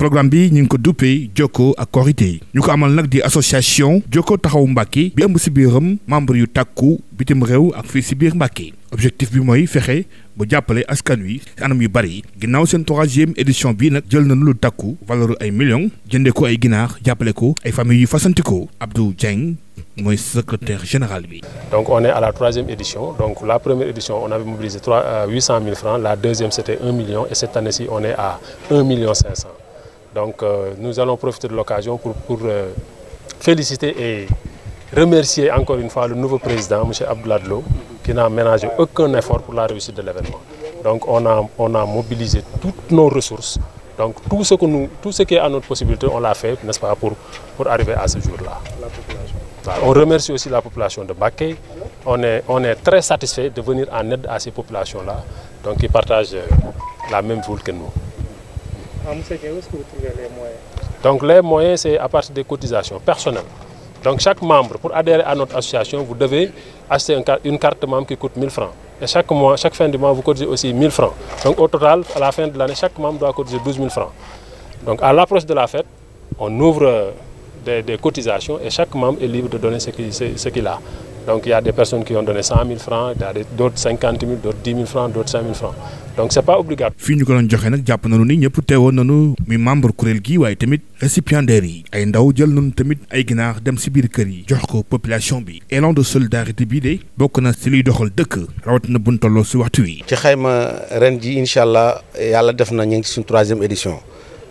programme bi ñu ngi ko duppee Jokko ak Korité yi ñu ko amal nag di association Jokko taxawu Mbàkke bi ëmb si biiram membre yu tàkku bitim réew ak fii si biir Mbàkke objectif bi mooy fexe ba jàppale askan wi si anam yu bari ginnaaw seen troisième édition bi nag jël na lu takku valeur ay millions jëndee ko ay ginaar jàppale ko ay famille yu fasanti ko Abdou Dieng mooy secrétaire général bi. donc on est à la troisième édition donc la première édition on avait mobilisé trois euh, huit cent mille francs la deuxième c' était un Donc euh, nous allons profiter de l'occasion pour, pour euh, féliciter et remercier encore une fois le nouveau président, M. Abdouladlo, qui n'a ménagé aucun effort pour la réussite de l'événement. Donc on a, on a mobilisé toutes nos ressources. Donc tout ce, que nous, tout ce qui est à notre possibilité, on l'a fait, n'est-ce pas, pour, pour arriver à ce jour-là. On remercie aussi la population de Baké. On est, on est très satisfait de venir en aide à ces populations-là, donc qui partage euh, la même foule Ah, monsieur Dieng, où est-ce que vous trouvez les moyens Donc les moyens, c'est à partir des cotisations personnelles. Donc chaque membre, pour adhérer à notre association, vous devez acheter une carte, membre qui coûte 1000 francs. Et chaque fin du mois, vous cotisez aussi 1000 francs. Donc au total, à la fin de l'année, chaque membre doit cotiser francs. à l'approche de la fête, on ouvre euh, des, cotisations et chaque membre est libre de donner ce qu'il ce, Donc il a des personnes qui ont donné 100 000 francs, d'autres 50 donc c'est pas obligatoire. fii ñu ko doon joxe nag jàpp nañu ni ñëpp teewoon nanu mi membre kuréel gi waaye tamit récipiendaires yi ay ndaw jël nañu tamit ay ginaar dem si biir kër yi jox ko population bi élan de solidarité bii de bokk na si luy doxal dëkk rawatina bu ñu tolloo si waxtu wi. ci xayma ren ji incha allah yàlla def na ñu suñu troisième édition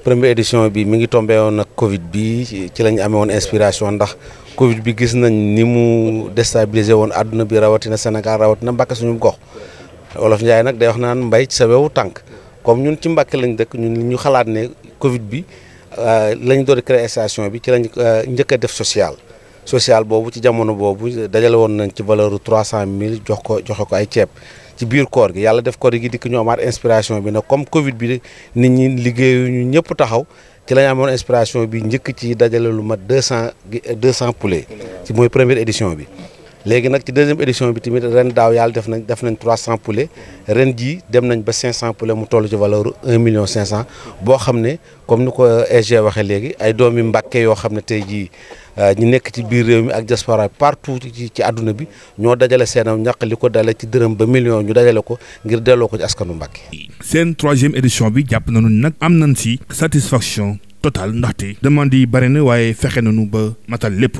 première édition bi mi ngi tombe woon nag Covid bi ci la ñu amee woon inspiration ndax. Covid bi gis nañ ni mu déstabiliser woon àdduna bi rawatina Sénégal rawatina Mbàkke suñu gox. olof njaay nag day wax naan mbay ci sa tànk comme ñun ci Mbàkke lañ dëkk ñun ñu xalaat ne Covid bi euh, lañ doon créé station bi ci lañ euh, njëkk a def social social boobu ci jamono boobu dajale woon nañ ci valeur bu trois cent mille jox ko joxe ko ay ceeb ci biir koor gi yàlla def koor gi dikk ñu amaat inspiration bi nag comme Covid bi nit ñi liggéeyu ñu ñëpp taxaw ci lañ amoon inspiration bi njëkk ci dajale lu mat deux cent deux cent poulet ci mooy première édition bi. léegi nag ci deuxième édition bi tamit ren daaw yàlla def nañ def nañ 300 poulets ren jii dem nañ ba 500 poulets mu toll ci valeur 1 million 500 boo xam ne comme ni ko SG waxee léegi ay doomi Mbàkke yoo xam ne tey jii euh, ñu nekk ci biir réew mi ak diaspora partout ci ci àdduna bi ñoo dajale seenam ñàq li ko dale ci dërëm ba million ñu dajale ko ngir delloo ko ci askanu Mbàkke. seen troisième édition bi jàpp nañu nag am nañ si satisfaction totale ndaxte demande yi bare na waaye fexe nañu ba matal lépp.